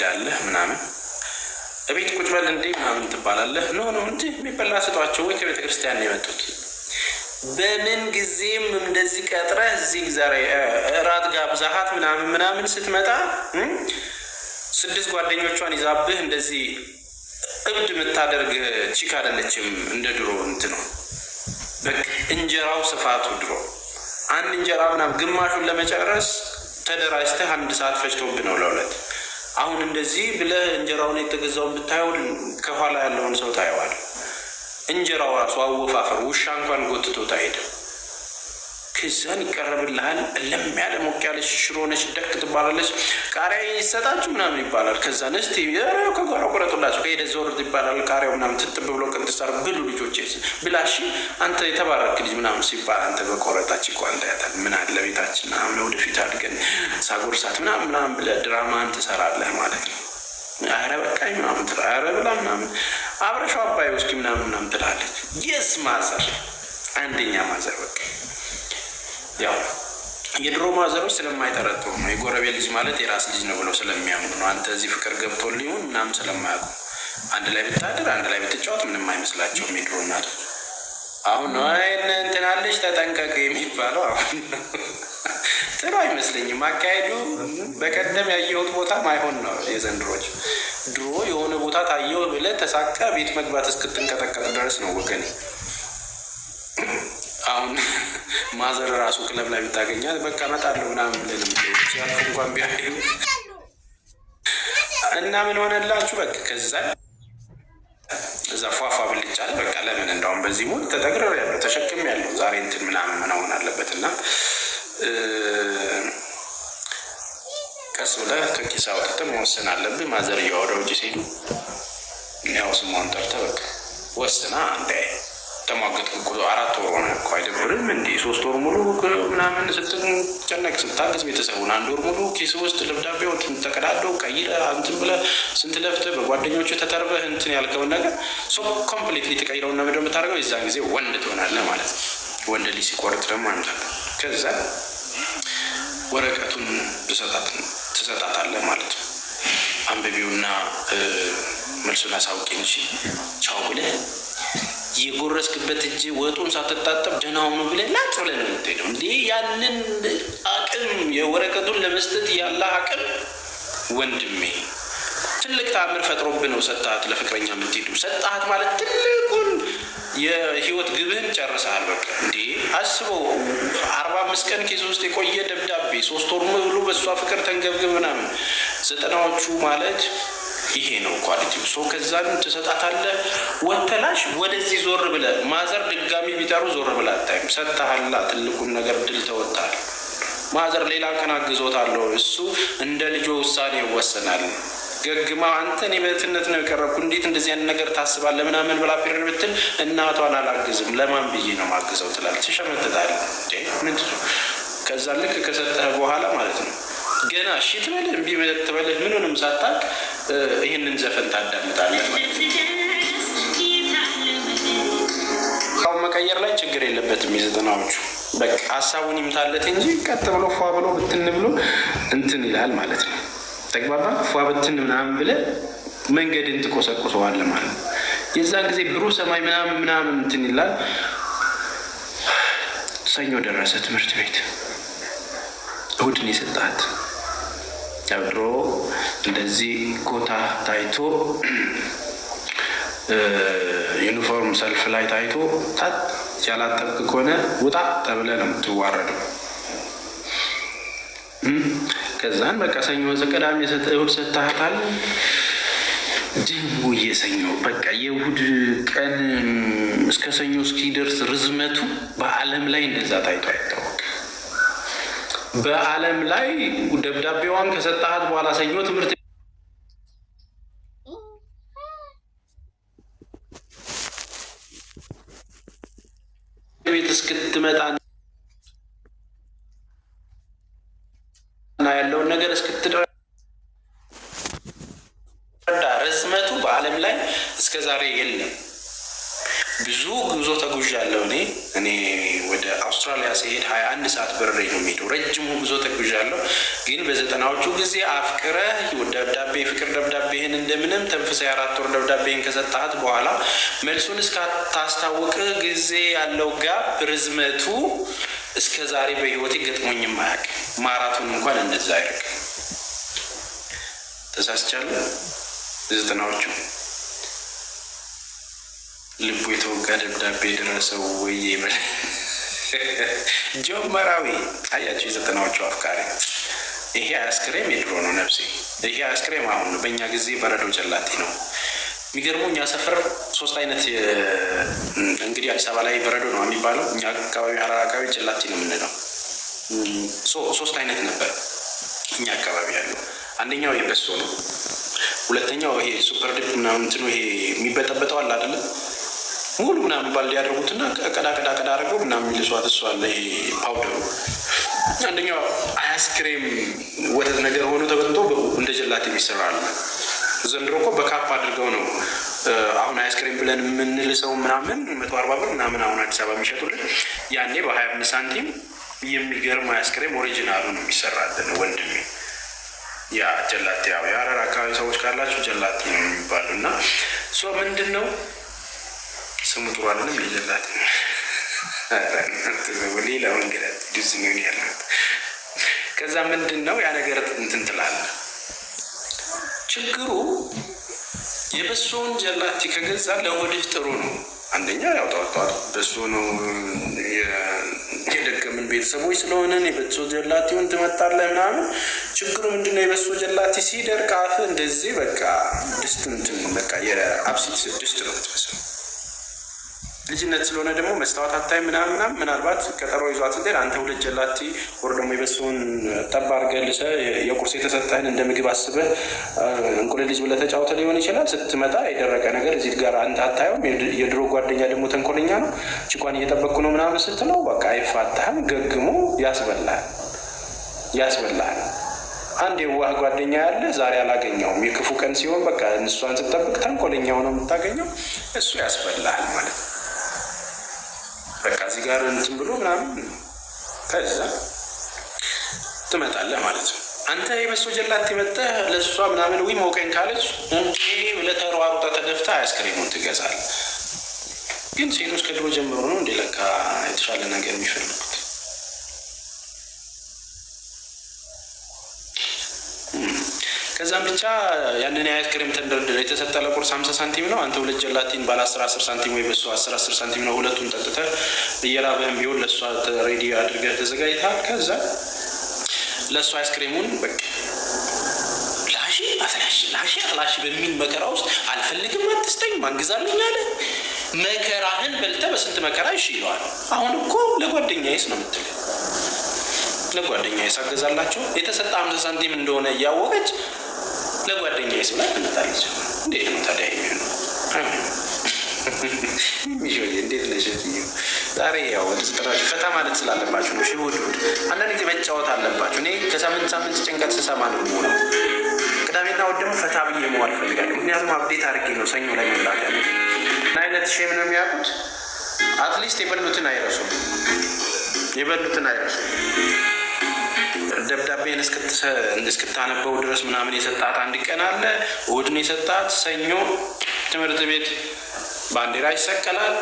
ትሄዳለህ ምናምን እቤት ቁጭ በል እንዴ ምናምን ትባላለህ። ኖ ኖ እንጂ የሚበላ ስጧቸው ወይ ከቤተ ክርስቲያን ነው የመጡት። በምን ጊዜም እንደዚህ ቀጥረህ እዚህ ዛሬ እራት ጋብዛሃት ምናምን ምናምን ስትመጣ ስድስት ጓደኞቿን ይዛብህ እንደዚህ እብድ የምታደርግ ቺክ አይደለችም። እንደ ድሮ እንት ነው እንጀራው ስፋቱ ድሮ አንድ እንጀራ ምናምን ግማሹን ለመጨረስ ተደራጅተህ አንድ ሰዓት ፈጅቶብህ ነው ለሁለት አሁን እንደዚህ ብለህ እንጀራውን የተገዛውን ብታየውን ከኋላ ያለውን ሰው ታየዋል። እንጀራው ራሱ አወፋፈር ውሻ እንኳን ጎትቶ ታሄደ። ክስህን ይቀረብልሃል። እለም ያለ ሞቅ ያለች ሽሮ ነች፣ ደክ ትባላለች። ቃሪያ ይሰጣችሁ ምናምን ይባላል። ከዛ ንስቲ ከጓሮ ቁረጡላችሁ ከሄደ ዘወርድ ይባላል። ቃሪያው ምናምን ትጥብ ብሎ ቅንትሳር ብሉ ልጆች ብላሽ አንተ የተባረክ ልጅ ምናምን ሲባል አንተ በቆረጣች እኮ እንዳያታል ምን አለ ቤታችን ምናምን ወደፊት አድገን ሳጎርሳት ምናምን ምናምን ብለህ ድራማን ትሰራለህ ማለት ነው። አረ በቃ ምናምን ትላለህ። አረ ብላ ምናምን አብረሻው አባይ ውስኪ ምናምን ምናምን ትላለች። የስ ማዘር አንደኛ ማዘር በቃ ያው የድሮ ማዘሮች ስለማይጠረጥሩ ነው። የጎረቤት ልጅ ማለት የራስ ልጅ ነው ብለው ስለሚያምኑ ነው። አንተ እዚህ ፍቅር ገብቶ ሊሆን ምናምን ስለማያውቁ አንድ ላይ ብታድር፣ አንድ ላይ ብትጫወት ምንም አይመስላቸውም የድሮ እናቶች። አሁን አይን እንትናለች ተጠንቀቅ የሚባለው አሁን ጥሩ አይመስለኝም አካሄዱ። በቀደም ያየሁት ቦታ ማይሆን ነው የዘንድሮች። ድሮ የሆነ ቦታ ታየው ብለህ ተሳካ ቤት መግባት እስክትንቀጠቀጥ ድረስ ነው ወገኔ። አሁን ማዘር ራሱ ክለብ ላይ ብታገኛት በቃ እመጣለሁ ምናምን ብለን እንኳን ቢያዩ እና ምን ሆነላችሁ በቃ ከዛ እዛ ፏፏ ብልጫ በቃ ለምን እንደውም በዚህ ሞት ተጠግረር ያለው ተሸክም ያለው ዛሬ እንትን ምናምን ምናምን አለበት እና ቀስ ብለህ ከኪሳ ወጥተህ መወሰን አለብህ። ማዘር ወደ ውጭ ሲሉ ያው ስሟን ጠርተህ በቃ ወስና እንዳይ ተሟገጥኩ እኮ አራት ወር ሆነ እኮ አይደብርም እንዴ? ሶስት ወር ሙሉ ምናምን ስትጨነቅ ስታገዝ ቤተሰቡን አንድ ወር ሙሉ ኪስ ውስጥ ደብዳቤው ተቀዳዶ ቀይረ እንትን ብለ ስንት ለፍተ በጓደኞቹ ተተርበ እንትን ያልከውን ነገር ሶ ኮምፕሊትሊ ተቀይረውና ምንድን የምታደርገው? የዛን ጊዜ ወንድ ትሆናለ ማለት ነው። ወንድ ሊ ሲቆርጥ ደግሞ አይምታለ። ከዛ ወረቀቱን ትሰጣታለ ማለት ነው። አንብቢውና መልሱን አሳውቂኝ ቻው ብለህ የጎረስክበት እጅ ወጡን ሳትጣጠብ ደህና ሆኖ ብለህ ላጥ ብለህ ነው የምትሄደው። እንዲህ ያንን አቅም የወረቀቱን ለመስጠት ያለ አቅም ወንድሜ ትልቅ ተአምር ፈጥሮብህ ነው ሰጣት ለፍቅረኛ የምትሄዱ ሰጣት ማለት ትልቁን የህይወት ግብህን ጨርሰሃል። በቃ እንዴ አስበው፣ አርባ አምስት ቀን ኬስ ውስጥ የቆየ ደብዳቤ ሶስት ወር ሙሉ በእሷ ፍቅር ተንገብግብ ምናምን ዘጠናዎቹ ማለት ይሄ ነው ኳሊቲው። ሶ ከዛን ትሰጣታለህ። ወተላሽ ወደዚህ ዞር ብለህ ማዘር ድጋሚ ቢጠሩ ዞር ብለህ አታይም። ሰጥተሃላ ትልቁን ነገር ድል ተወጣል። ማዘር ሌላ ቀን አግዞታለሁ። እሱ እንደ ልጆ ውሳኔ ይወሰናል። ገግማ አንተ እኔ ነው የቀረብኩ፣ እንዴት እንደዚህ አይነት ነገር ታስባለህ? ምናምን ብላ ፔሬድ ብትል እናቷን አላግዝም ለማን ብዬ ነው ማግዘው ትላለች። ትሸመትታለህ። ምንድን ነው ከዛ ልክ ከሰጠህ በኋላ ማለት ነው ገና እሺ ትበልህ እምቢ ትበልህ ምንንም ሳታቅ ይህንን ዘፈን ታዳምጣለህ። ሁን መቀየር ላይ ችግር የለበትም። የዘጠናዎቹ በቃ ሀሳቡን ይምታለት እንጂ ቀጥ ብሎ ፏ ብሎ ብትን ብሎ እንትን ይላል ማለት ነው። ተግባባ ፏ ብትን ምናምን ብለ መንገድን ትቆሰቁሰዋለህ ማለት ነው። የዛን ጊዜ ብሩህ ሰማይ ምናምን ምናምን እንትን ይላል። ሰኞ ደረሰ ትምህርት ቤት እሁድን የሰጣት ጨምሮ እንደዚህ ኮታ ታይቶ ዩኒፎርም ሰልፍ ላይ ታይቶ ጣት ያላጠብቅ ከሆነ ውጣ ተብለ ነው የምትዋረደው። ከዛን በቃ ሰኞ ዘቀዳሚ እሑድ ሰታታል ደግሞ እየሰኞ በቃ የእሑድ ቀን እስከ ሰኞ እስኪደርስ ርዝመቱ በዓለም ላይ እንደዛ ታይቶ አይታ በዓለም ላይ ደብዳቤዋን ከሰጣሃት በኋላ ሰኞ ትምህርት ቤት እስክትመጣ እና ያለውን ነገር እስክትረዳ ርዝመቱ በዓለም ላይ እስከ ዛሬ የለም። ብዙ ጉዞ ተጉዣለሁ። እኔ እኔ ወደ አውስትራሊያ ሲሄድ ሀያ አንድ ሰዓት በርሬ ነው የሚሄደው። ረጅሙ ጉዞ ተጉዣለሁ። ግን በዘጠናዎቹ ጊዜ አፍቅረህ ደብዳቤ ፍቅር ደብዳቤህን እንደምንም ተንፍሰ አራት ወር ደብዳቤህን ከሰጣት በኋላ መልሱን እስካታስታውቅ ጊዜ ያለው ጋፕ ርዝመቱ እስከ ዛሬ በህይወቴ ገጥሞኝም ማያቅ ማራቱን እንኳን እንደዛ አይደርግ። ተሳስቻለሁ ዘጠናዎቹ ልቡ የተወጋ ደብዳቤ የደረሰው ወይ ይበል ጀመራዊ። አያቸው የዘጠናዎቹ አፍቃሪ። ይሄ አያስክሬም የድሮ ነው ነፍሴ። ይሄ አያስክሬም አሁን ነው፣ በእኛ ጊዜ በረዶ ጀላቲ ነው። የሚገርሙ እኛ ሰፈር ሶስት አይነት እንግዲህ አዲስ አበባ ላይ በረዶ ነው የሚባለው፣ እኛ አካባቢ ሀረር አካባቢ ጀላቲ ነው የምንለው። ሶስት አይነት ነበር እኛ አካባቢ ያለው። አንደኛው የበሶ ነው፣ ሁለተኛው ይሄ ሱፐር ድብ ምናምን እንትኑ ይሄ የሚበጠበጠው አለ አይደለም ሙሉ ምናምን ባል ያደርጉትና ቀዳ ቀዳ ቀዳ አድርገው ምናምን የሚልሷት እሷ አለ ፓውደሩ አንደኛው አያስክሬም ወተት ነገር ሆኖ ተበልቶ እንደ ጀላት የሚሰራ አለ። ዘንድሮ እኮ በካፕ አድርገው ነው አሁን አይስክሬም ብለን የምንልሰው ምናምን መቶ አርባ ብር ምናምን አሁን አዲስ አበባ የሚሸጡልን ያኔ በሀያ አምስት ሳንቲም የሚገርም አይስክሬም ኦሪጂናሉ ነው የሚሰራልን ወንድሜ። ያ ጀላቴ ያው የሀረር አካባቢ ሰዎች ካላችሁ ጀላቴ ነው የሚባሉ እና ምንድን ነው ስሙ ጥሩ አልሆነም ልጅላት ሌላ ወንጌላት ድዝ ያለት ከዛ ምንድን ነው ያ ነገር እንትን ትላለ። ችግሩ የበሶውን ጀላቲ ከገዛ ለሆድህ ጥሩ ነው። አንደኛ ያው ጠዋት በሶ ነው የደከምን ቤተሰቦች ስለሆነን የበሶ ጀላቲውን ትመጣለህ ምናምን። ችግሩ ምንድነው? የበሶ ጀላቲ ሲደርቅ አፍ እንደዚህ በቃ ድስት እንትን በቃ የአብሲት ድስት ነው ትመስለው ልጅነት ስለሆነ ደግሞ መስታወት አታይ ምናምን ምናምን ምናልባት ቀጠሮ ይዟት እንትን አንተ ሁለት ጀላቲ ወር ደግሞ የበሱን ጠባር ገልሰ የቁርስ የተሰጠህን እንደ ምግብ አስበህ እንቁልል ልጅ ብለህ ተጫውተ ሊሆን ይችላል። ስትመጣ የደረቀ ነገር እዚህ ጋር አንተ አታየውም። የድሮ ጓደኛ ደግሞ ተንኮለኛ ነው። ችኳን እየጠበቅኩ ነው ምናምን ስትለው በቃ አይፋታህም። ገግሞ ያስበላል ያስበላል። አንድ የዋህ ጓደኛ ያለ ዛሬ አላገኘውም። የክፉ ቀን ሲሆን በቃ እንሷን ስጠብቅ ተንኮለኛው ነው የምታገኘው። እሱ ያስበላል ማለት ነው። በቃ እዚህ ጋር እንትን ብሎ ምናምን ከዛ ትመጣለህ ማለት ነው። አንተ የበሶ ጀላት መጠህ ለእሷ ምናምን ዊ መውቀኝ ካለች እንዴ ብለህ ተደፍታ አያስክሬሙን ትገዛል። ግን ሴቶች ከድሮ ጀምሮ ነው እንዴ ለካ የተሻለ ነገር የሚፈልጉ ከዛም ብቻ ያንን ያክርም ተንደርድር የተሰጠ ለቁርስ ሀምሳ ሳንቲም ነው። አንተ ሁለት ጀላቲን ባለ አስር አስር ሳንቲም ወይ በሱ አስር አስር ሳንቲም ነው። ሁለቱን ጠጥተ እየራበህም ቢሆን ለእሷ ሬዲ አድርገ ተዘጋጅተሃል። ከዛ ለእሱ አይስክሬሙን በቃ ላሺ አስላሺ ላሺ አላሺ በሚል መከራ ውስጥ አልፈልግም፣ አትስጠኝ፣ ማንግዛልኝ አለ። መከራህን በልተ በስንት መከራ ይሽ ይለዋል። አሁን እኮ ለጓደኛዬስ ነው የምትል ለጓደኛዬስ አገዛላቸው የተሰጠ አምሳ ሳንቲም እንደሆነ እያወቀች ለጓደኛ የሰው ላይ ትመጣለች። እንዴት ነው ታዲያ የሚሆነው? እንዴት ነሽ? ዛሬ ያው ስጥራ ፈታ ማለት ስላለባችሁ ነው። ሽውድ አንዳንድ ጊዜ መጫወት አለባችሁ። እኔ ከሳምንት ሳምንት ጭንቀት ስሰማ ነው ሆነ ቅዳሜና እሑድ ደግሞ ፈታ ብዬ መዋል ፈልጋለሁ። ምክንያቱም አብዴት አድርጌ ነው ሰኞ ላይ መላክ ያለ አይነት ሼም ነው የሚያውቁት። አትሊስት የበሉትን አይረሱም፣ የበሉትን አይረሱም። ደብዳቤን እስክታነበው ድረስ ምናምን የሰጣት አንድ ቀን አለ። እሁድን የሰጣት ሰኞ ትምህርት ቤት ባንዲራ ይሰቀላል።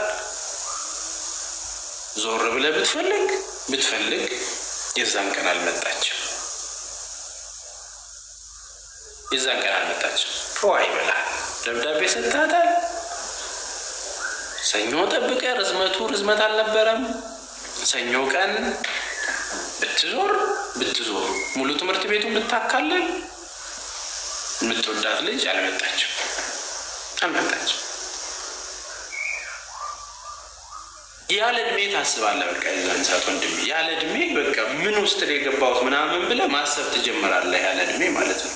ዞር ብለህ ብትፈልግ ብትፈልግ የዛን ቀን አልመጣችም። የዛን ቀን አልመጣችም። ዋ ይበላል። ደብዳቤ ሰጣታል። ሰኞ ጠብቀ ርዝመቱ ርዝመት አልነበረም። ሰኞ ቀን ብትዞር ብትዞር ሙሉ ትምህርት ቤቱን ብታካለ የምትወዳት ልጅ አልመጣችም አልመጣችም። ያለ እድሜ ታስባለህ። በቃ የዛን ሰዓት ወንድሜ ያለ እድሜ በቃ ምን ውስጥ ነው የገባሁት ምናምን ብለህ ማሰብ ትጀምራለህ። ያለ እድሜ ማለት ነው።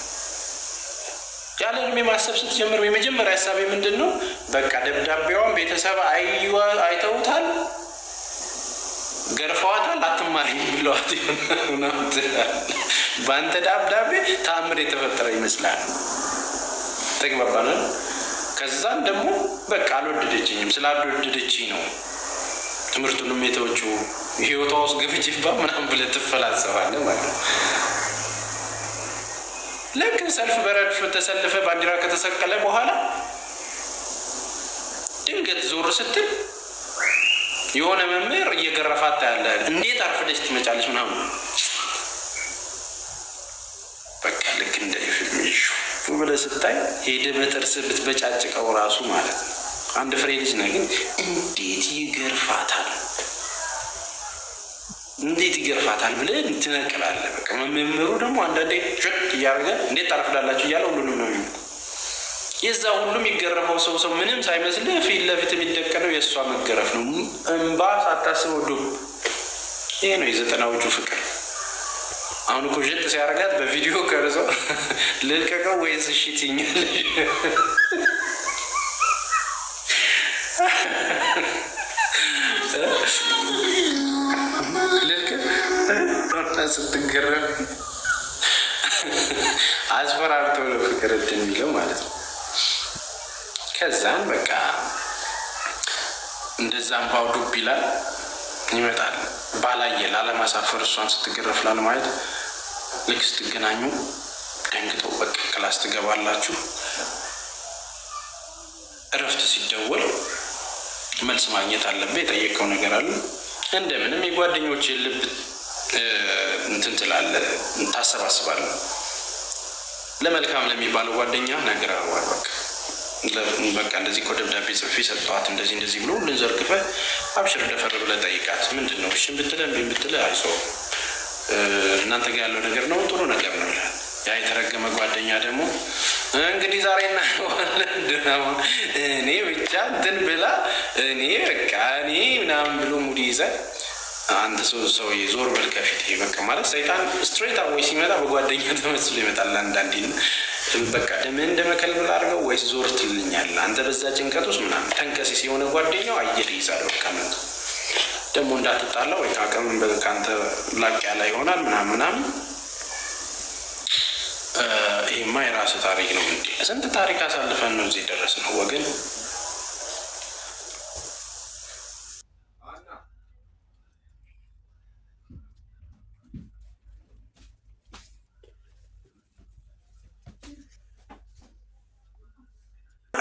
ያለ እድሜ ማሰብ ስትጀምር የመጀመሪያ ሀሳቤ ምንድን ነው? በቃ ደብዳቤዋን ቤተሰብ አይተውታል ገርፈዋታል አትማሪ ብለዋት በአንተ ዳብዳቤ ተአምር የተፈጠረ ይመስላል። ተግባባናል። ከዛም ደግሞ በቃ አልወደደችኝም። ስላልወደደችኝ ነው ትምህርቱንም የተወችው ህይወቷ ውስጥ ግብጅባ ምናምን ብለህ ትፈላሰፋለህ ማለት ነው። ልክ ሰልፍ በረድፍ ተሰልፈ ባንዲራ ከተሰቀለ በኋላ ድንገት ዞር ስትል የሆነ መምህር እየገረፋት ታያለህ። እንዴት አርፍደች ትመጫለች ምናምን በቃ ልክ እንደ ፊልሚሹ ብለ ስታይ ሄደ በጥርስ ብትበጫጭቀው ራሱ ማለት ነው። አንድ ፍሬ ልጅ ነው ግን እንዴት ይገርፋታል፣ እንዴት ይገርፋታል ብለ ትነቅላለ። በቃ መምህሩ ደግሞ አንዳንዴ ሽጥ እያደረገ እንዴት ታርፍዳላችሁ እያለ ሁሉንም ነው የሚ የዛ ሁሉ የሚገረፈው ሰው ሰው ምንም ሳይመስል ፊት ለፊት የሚደቀነው የእሷ መገረፍ ነው። እምባ ሳታስበው ዱብ። ይሄ ነው የዘጠናዎቹ ፍቅር። አሁን እኮ ዠጥ ሲያደርጋት በቪዲዮ ቀርጾ ልልቀቀው ወይስ እሺ ትይኛለሽ? ስትገረፍ አስፈራርተው ነው ፍቅር የሚለው ማለት ነው። ከዛም በቃ እንደዛ እንባው ዱብ ይላል ይመጣል። ባላየ ላለማሳፈር እሷን ስትገረፍ ላለማየት ልክ ስትገናኙ ደንግጠው በቃ ክላስ ትገባላችሁ። እረፍት ሲደወል መልስ ማግኘት አለብህ፣ የጠየቀው ነገር አለ። እንደምንም የጓደኞች ልብ እንትን ትላለህ፣ ታሰባስባለህ። ለመልካም ለሚባለው ጓደኛ ነገር አርዋል በቃ በቃ እንደዚህ እኮ ደብዳቤ ጽፌ ሰጠዋት እንደዚህ እንደዚህ ብሎ ሁሉን ዘርግፈ አብሽር ደፈር ብለ ጠይቃት። ምንድን ነው እሺ ብትለ እምቢ ብትለ አይዞ እናንተ ጋር ያለው ነገር ነው ጥሩ ነገር ነው ይላል። ያ የተረገመ ጓደኛ ደግሞ እንግዲህ ዛሬ እናየዋለን እኔ ብቻ እንትን ብላ እኔ በቃ እኔ ምናምን ብሎ ሙድ ይዘ አንድ ሰው ሰው ዞር በል ከፊት በቃ ማለት ሰይጣን ስትሬት አወይ ሲመጣ በጓደኛ ተመስሎ ይመጣል አንዳንዴ በቃ ደምህን እንደመከልብ አድርገው ወይስ ዞር ትልኛለህ አንተ በዛ ጭንቀት ውስጥ ምናምን ተንከሲስ የሆነ ጓደኛው አየር ይይዛል። በቃ ምን ደግሞ እንዳትጣላ ወይ አቅም ከአንተ ላቅ ያለ ይሆናል ምናምን ምናምን። ይህማ የራስህ ታሪክ ነው እንዴ! ስንት ታሪክ አሳልፈን ነው እዚህ ደረስ ነው ወገን።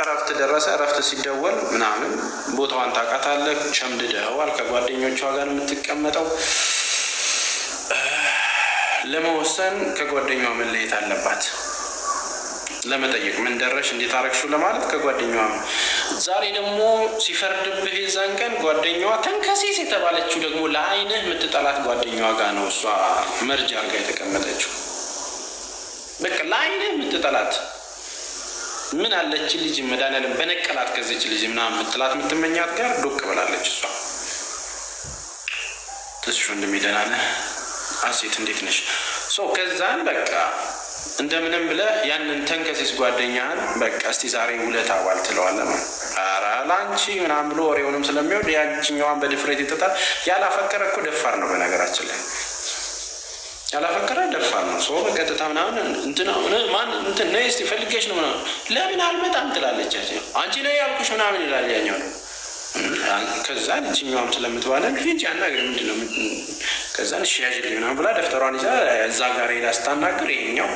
እረፍት ደረሰ። እረፍት ሲደወል ምናምን ቦታዋን ታውቃታለህ፣ ሸምድደዋል። ከጓደኞቿ ጋር የምትቀመጠው ለመወሰን ከጓደኛዋ መለየት አለባት። ለመጠየቅ ምን ደረሽ እንዴት ለማለት ከጓደኛዋ ዛሬ ደግሞ ሲፈርድብህ የዛን ቀን ጓደኛዋ ተንከሴት የተባለችው ደግሞ ለአይንህ የምትጠላት ጓደኛዋ ጋር ነው እሷ መርጃ አድርጋ የተቀመጠችው። በቃ ለአይንህ የምትጠላት ምን አለች ልጅ መድኃኒዓለም በነቀላት ከዚች ልጅ ምናምን ምትላት የምትመኛት ጋር ዶቅ ብላለች። እሷ ትንሽ እንደሚደናለ አሴት እንዴት ነሽ? ከዛን በቃ እንደምንም ብለህ ያንን ተንከሲስ ጓደኛህን በቃ እስቲ ዛሬ ውለታ አዋል ትለዋለህ። ኧረ ለአንቺ ምናምን ብሎ ወሬውንም ስለሚወድ ያችኛዋን በድፍረት ይጠጣል። ያላፈቀረ እኮ ደፋር ነው በነገራችን ላይ ያላፈቀረ ደፋ ነው። ሰው በቀጥታ ምናምን እንትና ማን እንትን ነይ እስኪ ፈልጌሽ ነው ምናምን ለምን አልመጣም ትላለች። አንቺ ነይ ያልኩሽ ምናምን ይላል ያኛው ነው። ከዛ ልጅኛዋም ስለምትባለ ሂጅ አናግሪ ምንድን ነው ከዛ ሽያጅልኝ ምናምን ብላ ደፍተሯን ይዛ እዛ ጋር ሄዳ ስታናገር ይሄኛው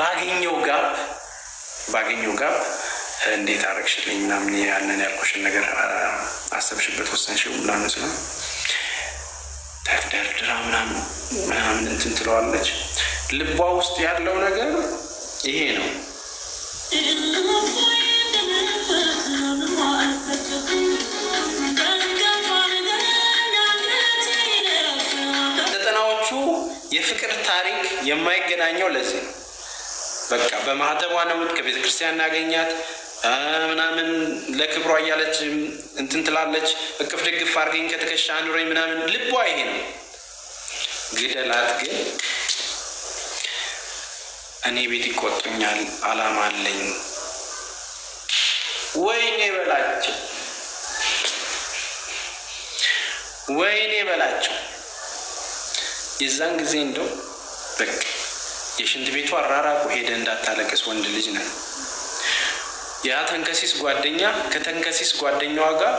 ባገኘው ጋር ባገኘው ጋር እንዴት አረግሽልኝ ምናምን ያንን ያልኩሽን ነገር አሰብሽበት ወሰንሽ ምናምን ስለ ተደርድራ ምናምን ምናምን እንትን ትለዋለች። ልቧ ውስጥ ያለው ነገር ይሄ ነው። ዘጠናዎቹ የፍቅር ታሪክ የማይገናኘው ለዚህ ነው። በቃ በማህተቧ ነው። ከቤተክርስቲያን እናገኛት ምናምን ለክብሯ እያለች እንትን ትላለች። እቅፍ ድግፍ አድርገኝ ከትከሻ አኑረኝ ምናምን ልቧ ይሄ ነው። ግደላት ግን እኔ ቤት ይቆጡኛል፣ አላማ አለኝ። ወይኔ በላቸው፣ ወይኔ በላቸው። የዛን ጊዜ እንደው በቃ የሽንት ቤቱ አራራቁ ሄደ እንዳታለቅስ ወንድ ልጅ ነው። ያ ተንከሲስ ጓደኛ ከተንከሲስ ጓደኛዋ ጋር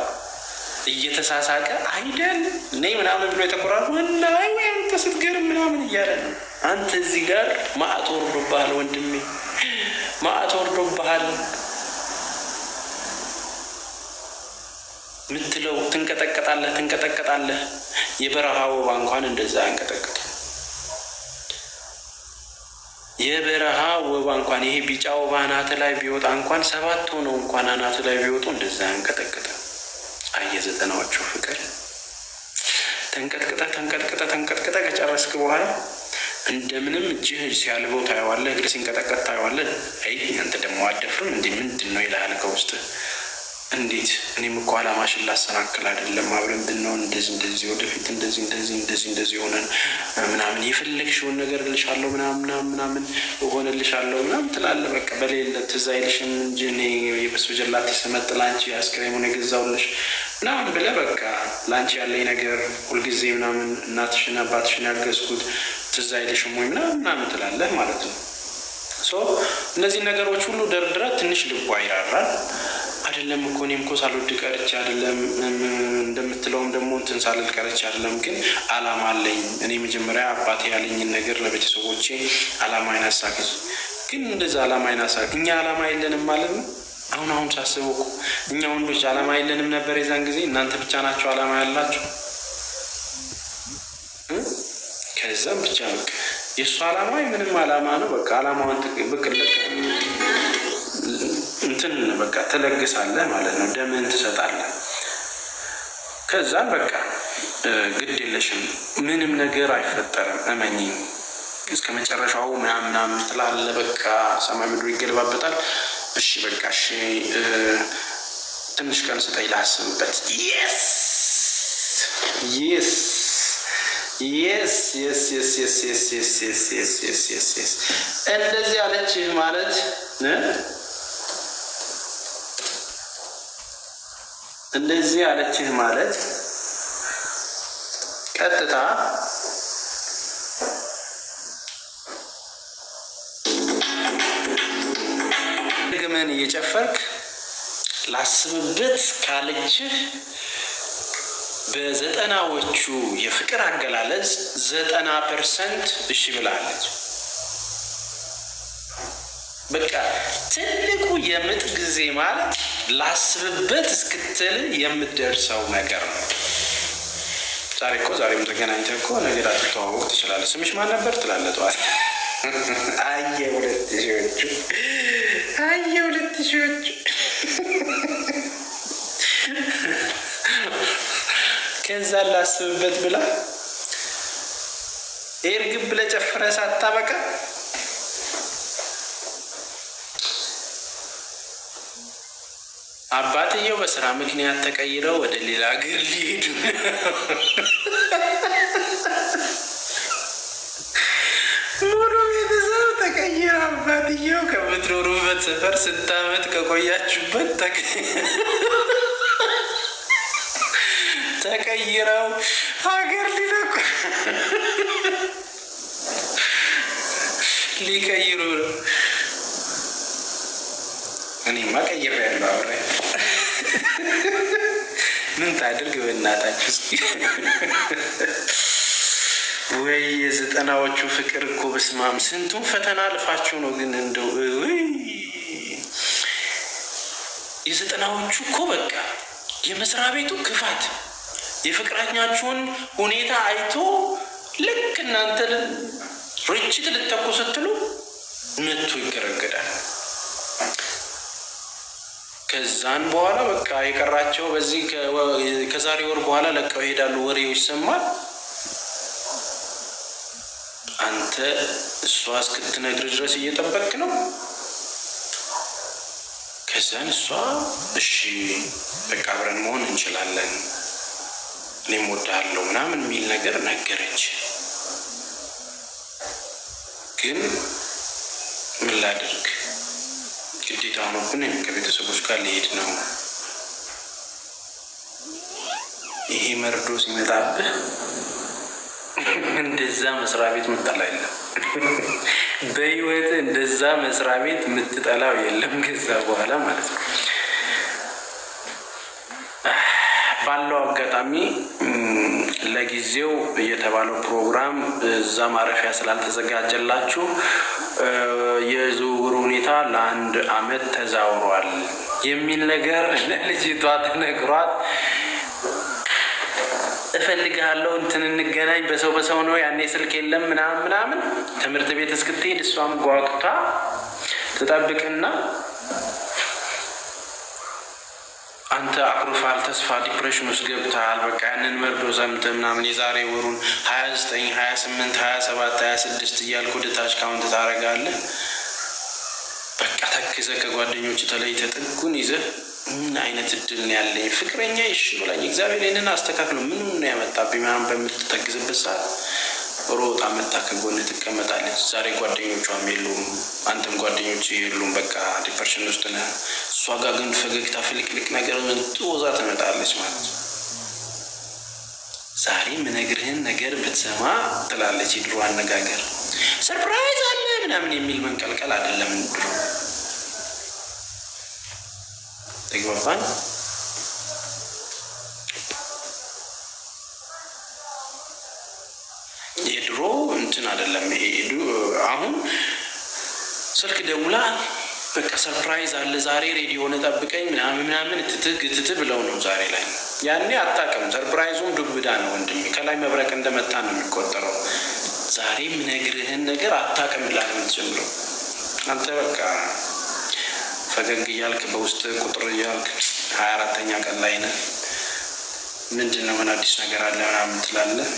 እየተሳሳቀ አይደል እኔ ምናምን ብሎ የተቆራሩ እና አንተ ስትገርም ምናምን እያለ ነው። አንተ እዚህ ጋር ማዕት ወርዶብሃል ወንድሜ፣ ማዕት ወርዶብሃል ምትለው ትንቀጠቀጣለህ፣ ትንቀጠቀጣለህ። የበረሃ ወባ እንኳን እንደዛ አንቀጠቅጥ የበረሃ ወባ እንኳን ይሄ ቢጫ ወባ አናት ላይ ቢወጣ እንኳን ሰባት ሆነው እንኳን አናት ላይ ቢወጡ እንደዛ እንቀጠቅጠ አየ ዘጠናዎቹ ፍቅር ተንቀጥቅጠ ተንቀጥቅጠ ተንቀጥቅጠ ከጨረስክ በኋላ እንደምንም እጅህ ሲያልበው ታየዋለህ፣ እግር ሲንቀጠቀጥ ታየዋለህ። አይ አንተ ደግሞ አደፍርም እንዲህ ምንድን ነው ይልሃል ከውስጥ እንዴት እኔም እኮ አላማሽን ላሰናክል አይደለም። አብረን ብንሆን እንደዚህ እንደዚህ ወደፊት እንደዚህ እንደዚህ እንደዚህ እንደዚህ ሆነን ምናምን የፈለግሽውን ነገር እልሻለሁ ምናምን ምናምን ምናምን እሆንልሻለሁ ምናምን ትላለህ። በቃ በሌለ ትዝ አይልሽም እንጂ እኔ የበሶ ጀላቴ ስመጥል አንቺ አስክሬሙን የገዛውልሽ ምናምን ብለህ በቃ ለአንቺ ያለኝ ነገር ሁልጊዜ ምናምን እናትሽን አባትሽን ያገዝኩት ትዝ አይልሽም ወይ ምናምን ምናምን ትላለህ ማለት ነው። እነዚህ ነገሮች ሁሉ ደርድረ ትንሽ ልቧ ይራራል። አይደለም እኮ እኔም እኮ ሳልወድ ቀርቼ አይደለም እንደምትለውም ደግሞ እንትን ሳልል ቀርቼ አይደለም። ግን አላማ አለኝ። እኔ መጀመሪያ አባቴ ያለኝን ነገር ለቤተሰቦቼ አላማ አይናሳቅ ግን እንደዛ አላማ አይናሳቅ እኛ አላማ የለንም ማለት ነው። አሁን አሁን ሳስበው እኮ እኛ ወንዶች አላማ የለንም ነበር የዛን ጊዜ። እናንተ ብቻ ናቸው አላማ ያላቸው። ከዛም ብቻ በቃ የእሱ አላማ ምንም አላማ ነው። በቃ አላማውን እንትን በቃ ትለግሳለህ ማለት ነው። ደምህን ትሰጣለህ። ከዛም በቃ ግድ የለሽም ምንም ነገር አይፈጠርም። እመኝ እስከ መጨረሻው ምናምናም ትላለህ። በቃ ሰማይ ምድሩ ይገለባበጣል። እሺ በቃ እሺ ትንሽ ቀን ስጠኝ ላስብበት። የስ እንደዚህ አለችህ ማለት እንደዚህ አለችህ ማለት ቀጥታ ግመን እየጨፈርክ ላስብበት ካለችህ በዘጠናዎቹ የፍቅር አገላለጽ ዘጠና ፐርሰንት እሺ ብላለች። በቃ ትልቁ የምጥ ጊዜ ማለት ላስብበት እስክትል የምትደርሰው ነገር ነው። ዛሬ እኮ ዛሬም ተገናኝተህ እኮ ነገር አትተዋወቅ ትችላለህ። ስምሽ ማን ነበር ትላለህ ጠዋት። አየ ሁለት ሺዎቹ አየ ሁለት ሺዎቹ ከዛ ላስብበት ብላ ኤርግብ ለጨፈረ ሳታበቃ አባትየው በስራ ምክንያት ተቀይረው ወደ ሌላ ሀገር ሊሄዱ ሙሉ ቤተሰብ ተቀይረ። አባትየው ከምትኖሩበት ሰፈር ስንት ዓመት ከቆያችሁበት ተቀይረው ሀገር ሊለቁ ሊቀይሩ ነው። ማ ቀይር ያለ አብሬ ምን ታድርግ በእናታችሁ እስኪ ወይ የዘጠናዎቹ ፍቅር እኮ በስማም ስንቱን ፈተና አልፋችሁ ነው ግን እንደው የዘጠናዎቹ እኮ በቃ የመስሪያ ቤቱ ክፋት የፍቅረኛችሁን ሁኔታ አይቶ ልክ እናንተ ርችት ልተኩ ስትሉ መቶ ይገረገዳል። ከዛን በኋላ በቃ የቀራቸው በዚህ ከዛሬ ወር በኋላ ለቀው ይሄዳሉ። ወሬው ይሰማል። አንተ እሷ እስክትነግር ድረስ እየጠበቅ ነው። ከዛን እሷ እሺ በቃ አብረን መሆን እንችላለን፣ እኔም ወዳለው ምናምን የሚል ነገር ነገረች። ግን ምን ላድር ግዴታ ሆኖብን ከቤተሰቦች ጋር ሊሄድ ነው። ይሄ መርዶ ሲመጣብህ እንደዛ መስሪያ ቤት ምጠላ የለም። በህይወት እንደዛ መስሪያ ቤት የምትጠላው የለም ከዛ በኋላ ማለት ነው። ባለው አጋጣሚ ለጊዜው የተባለው ፕሮግራም እዛ ማረፊያ ስላልተዘጋጀላችሁ የዝውውር ሁኔታ ለአንድ አመት ተዛውሯል የሚል ነገር ለልጅቷ ተነግሯት እፈልግሃለሁ እንትን እንገናኝ፣ በሰው በሰው ነው ያኔ ስልክ የለም ምናምን ምናምን። ትምህርት ቤት እስክትሄድ እሷም ጓጉታ ትጠብቅና አንተ አኩርፋል፣ ተስፋ ዲፕሬሽን ውስጥ ገብተሃል፣ በቃ ያንን መርዶ ሰምተ ምናምን የዛሬ ወሩን ሀያ ዘጠኝ ሀያ ስምንት ሀያ ሰባት ሀያ ስድስት እያልክ ወደ ታች ካውንት ታደርጋለህ። በቃ ተክዘ ከጓደኞች ተለይተ ጥጉን ይዘ ምን አይነት እድል ነው ያለኝ? ፍቅረኛ ይሽ ብላኝ እግዚአብሔር ይህንን አስተካክሎ ምን ነው ያመጣብኝ ምናምን በምትተግዝበት ሰዓት ሮጣ መታ ከጎን ትቀመጣለች። ዛሬ ጓደኞቿም የሉም፣ አንተም ጓደኞች የሉም። በቃ ዲፐርሽን ውስጥ ነህ። እሷ ጋር ግን ፈገግታ ፍልቅልቅ ነገር ጥዛ ትመጣለች ማለት ነው። ዛሬ ምነግርህን ነገር ብትሰማ ትላለች። የድሮ አነጋገር ሰርፕራይዝ አለ ምናምን የሚል መንቀልቀል አይደለም ድሮ። ተግባባን? የድሮ እንትን አይደለም ይሄ። አሁን ስልክ ደውላ በቃ ሰርፕራይዝ አለ ዛሬ ሆነ ጠብቀኝ ምናምን ምናምን እትትግ እትት ብለው ነው ዛሬ ላይ። ያኔ አታውቅም። ሰርፕራይዙም ዱብዳ ነው ወንድሜ፣ ከላይ መብረቅ እንደመጣ ነው የሚቆጠረው። ዛሬም ነግርህን ነገር አታውቅም ብላል የምትጀምረው አንተ በቃ ፈገግ እያልክ በውስጥ ቁጥር እያልክ ሀያ አራተኛ ቀን ላይ ነህ። ምንድን ነው ምን አዲስ ነገር አለ ምናምን ትላለህ።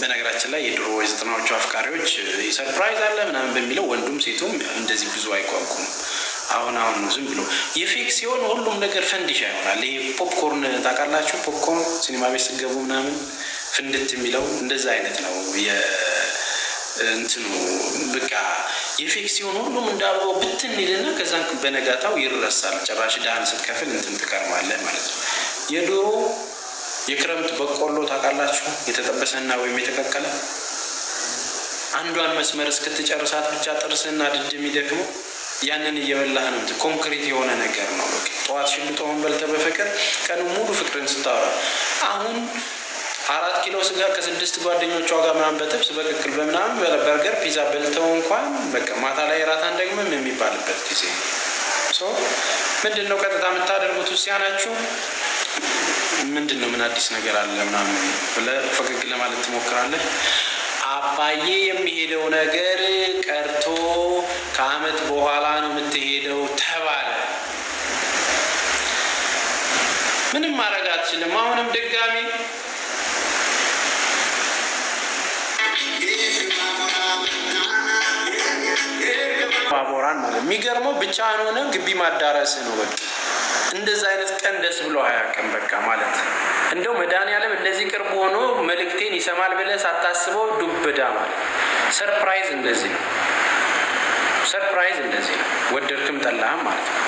በነገራችን ላይ የድሮ የዘጠናዎቹ አፍቃሪዎች ሰርፕራይዝ አለ ምናምን በሚለው ወንዱም ሴቱም እንደዚህ ብዙ አይጓጉም። አሁን አሁን ዝም ብሎ የፌክ ሲሆን ሁሉም ነገር ፈንዲሻ ይሆናል። ይሄ ፖፕኮርን ታውቃላችሁ? ፖፕኮርን ሲኒማ ቤት ስገቡ ምናምን ፍንድት የሚለው እንደዛ አይነት ነው። እንትኑ በቃ የፌክ ሲሆን ሁሉም እንዳበው ብትን ይልና ከዛ በነጋታው ይረሳል። ጭራሽ ዳህን ስትከፍል እንትን ትቀርማለ ማለት ነው የድሮ የክረምት በቆሎ ታውቃላችሁ፣ የተጠበሰና ወይም የተቀቀለ አንዷን መስመር እስክትጨርሳት ብቻ ጥርስና ድድ የሚደክመው ያንን እየበላህ ነው። ኮንክሪት የሆነ ነገር ነው። ጠዋት ሽልጦውን በልተህ በፍቅር ቀኑ ሙሉ ፍቅርን ስታወራ አሁን አራት ኪሎ ስጋ ከስድስት ጓደኞቿ ጋር ምናምን በጥብስ በቅቅል በምናምን በበርገር ፒዛ በልተው እንኳን በቃ ማታ ላይ ራታን ደግሞ የሚባልበት ጊዜ ምንድን ነው ቀጥታ የምታደርጉት ውስጥ ምንድን ነው ምን አዲስ ነገር አለ ምናምን ብለህ ፈገግ ለማለት ትሞክራለህ። አባዬ የሚሄደው ነገር ቀርቶ ከአመት በኋላ ነው የምትሄደው ተባለ። ምንም ማድረግ አትችልም። አሁንም ድጋሚ ባቦራን ማለት የሚገርመው ብቻ ሆነህ ግቢ ማዳረስ ነው በቃ እንደዛ አይነት ቀን ደስ ብሎ አያውቅም። በቃ ማለት እንደው መድኃኒዓለም እንደዚህ ቅርብ ሆኖ መልእክቴን ይሰማል ብለህ ሳታስበው ዱብዳ ማለት ሰርፕራይዝ፣ እንደዚህ ነው። ሰርፕራይዝ እንደዚህ ነው። ወደድክም ጠላህም ማለት ነው።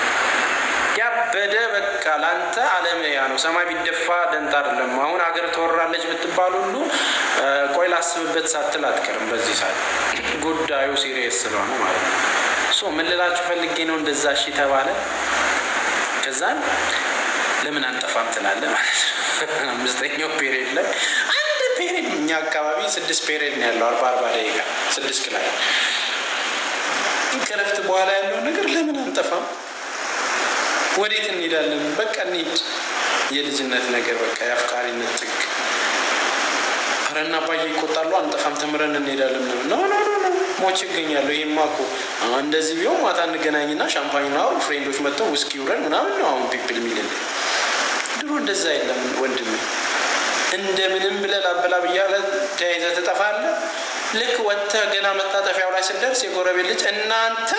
ያበደ በቃ ለአንተ አለም ያ ነው። ሰማይ ቢደፋ ደንታ አይደለም። አሁን ሀገር ተወራለች ብትባል ሁሉ ቆይ ላስብበት ሳትል አትቀርም። በዚህ ሰዓት ጉዳዩ ሲሪየስ ስለሆነ ማለት ነው። ሶ ምን ልላችሁ ፈልጌ ነው እንደዛ እሺ ተባለ። ከዛን ለምን አንጠፋም ትላለህ ማለት ነው። አምስተኛው ፔሬድ ላይ አንድ ፔሪድ እኛ አካባቢ ስድስት ፔሬድ ነው ያለው፣ አርባ አርባ ደቂቃ ስድስት ክላል ከረፍት በኋላ ያለው ነገር ለምን አንጠፋም ወዴት እንሄዳለን? በቃ እንሂድ። የልጅነት ነገር በቃ የአፍቃሪነት ጥግ አረና ባዬ ይቆጣሉ። አንጠፋም ተምረን እንሄዳለን። ነ ሞች ይገኛሉ። ይሄማ እኮ እንደዚህ ቢሆን ማታ እንገናኝና ሻምፓኝ ነው አሁን ፍሬንዶች መጥተው ውስኪ ውረን ምናምን ነው አሁን ፒፕል የሚልል። ድሮ እንደዛ የለም ወንድሜ። እንደምንም ብለህ ላበላብ እያለ ተያይዘህ ትጠፋለህ። ልክ ወጥተህ ገና መታጠፊያው ላይ ስደርስ የጎረቤት ልጅ እናንተ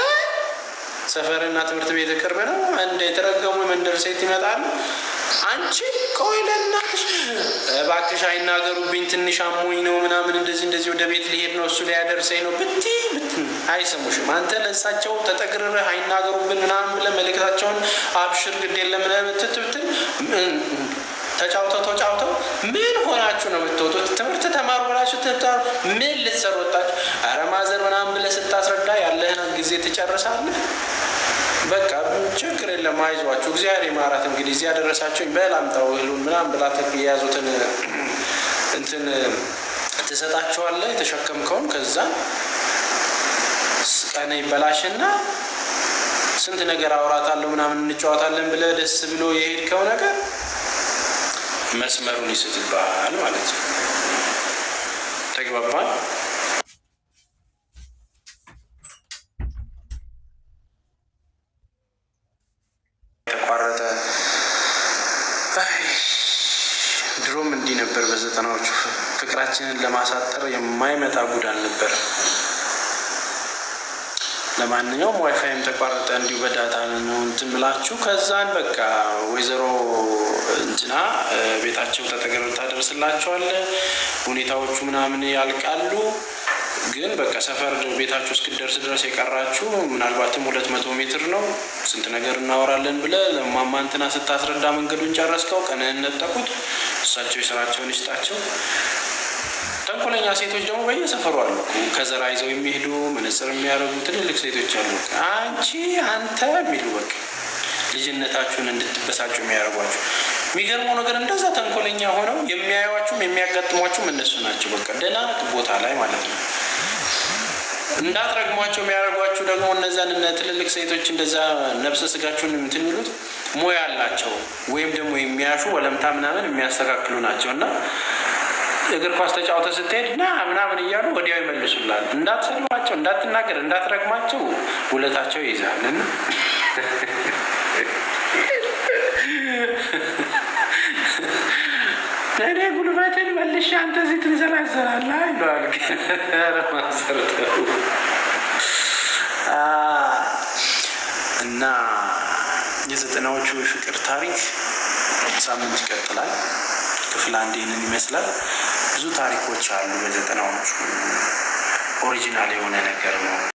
ሰፈርና ትምህርት ቤት ቅርብ ነው እንደ የተረገሙ መንደር ሴት ይመጣሉ። አንቺ ቆይለና እባክሽ አይናገሩብኝ፣ ትንሽ አሞኝ ነው ምናምን እንደዚህ እንደዚህ ወደ ቤት ሊሄድ ነው እሱ ሊያደርሰኝ ነው ብት ብትን አይሰሙሽም። አንተ ለእሳቸው ተጠቅርረህ አይናገሩብን ምናምን ብለህ መልእክታቸውን አብሽር ግድ የለም ብትብትን ተጫውተው ተጫውተው ምን ሆናችሁ ነው የምትወጡት? ትምህርት ተማሩ ብላችሁ ትታሩ ምን ልትሰሩ ወጣችሁ? አረማዘር ምናምን ብለህ ስታስረዳ ያለህን ጊዜ ትጨርሳለህ። በቃ ችግር የለም አይዟችሁ፣ እግዚአብሔር ይማራት። እንግዲህ እዚህ ያደረሳቸውኝ በላምጣው እህሉን ምናምን ብላ የያዙትን እንትን ትሰጣቸዋለህ የተሸከምከውን። ከዛ ቀን ይበላሽና ስንት ነገር አውራታለሁ ምናምን እንጫወታለን ብለህ ደስ ብሎ የሄድከው ነገር መስመሩን ይስትባል ማለት ነው። ተግባባል። ድሮም እንዲህ ነበር በዘጠናዎቹ። ፍቅራችንን ለማሳጠር የማይመጣ ጉድ አልነበረም። ለማንኛውም ዋይፋይም ተቋረጠ እንዲሁ በዳታ ነው እንትን ብላችሁ ከዛን በቃ ወይዘሮ እንትና ቤታቸው ተጠገብ ታደርስላቸዋለ ሁኔታዎቹ ምናምን ያልቃሉ። ግን በቃ ሰፈር ቤታችሁ እስክደርስ ድረስ የቀራችሁ ምናልባትም ሁለት መቶ ሜትር ነው ስንት ነገር እናወራለን ብለህ ለማማንትና ስታስረዳ መንገዱን ጨረስከው። ቀንህን ነጠቁት። እሳቸው የስራቸውን ይስጣቸው። ተንኮለኛ ሴቶች ደግሞ በየሰፈሩ አሉ። ከዘራ ይዘው የሚሄዱ መነጽር የሚያደርጉ ትልልቅ ሴቶች አሉ። አንቺ አንተ የሚሉ በቃ ልጅነታችሁን እንድትበሳጩ የሚያደርጓችሁ የሚገርመው ነገር እንደዛ ተንኮለኛ ሆነው የሚያዩዋችሁም የሚያጋጥሟችሁም እነሱ ናቸው። በቃ ደህና ቦታ ላይ ማለት ነው እንዳትረግሟቸው የሚያደርጓችሁ ደግሞ እነዛን ትልልቅ ሴቶች እንደዛ ነብሰ ስጋችሁን እንትን የሚሉት ሙያ አላቸው ወይም ደግሞ የሚያሹ ወለምታ ምናምን የሚያስተካክሉ ናቸው እና እግር ኳስ ተጫውተ ስትሄድ ና ምናምን እያሉ ወዲያው ይመልሱላል። እንዳትሰልባቸው፣ እንዳትናገር፣ እንዳትረግማቸው ውለታቸው ይይዛል። ለእኔ ጉልበትን መልሼ አንተ እዚህ ትንዘላዘላለህ ይለዋል። እና የዘጠናዎቹ የፍቅር ታሪክ ሳምንት ይቀጥላል። ክፍል አንድ ይህንን ይመስላል። ብዙ ታሪኮች አሉ በዘጠናዎቹ ኦሪጂናል የሆነ ነገር ነው።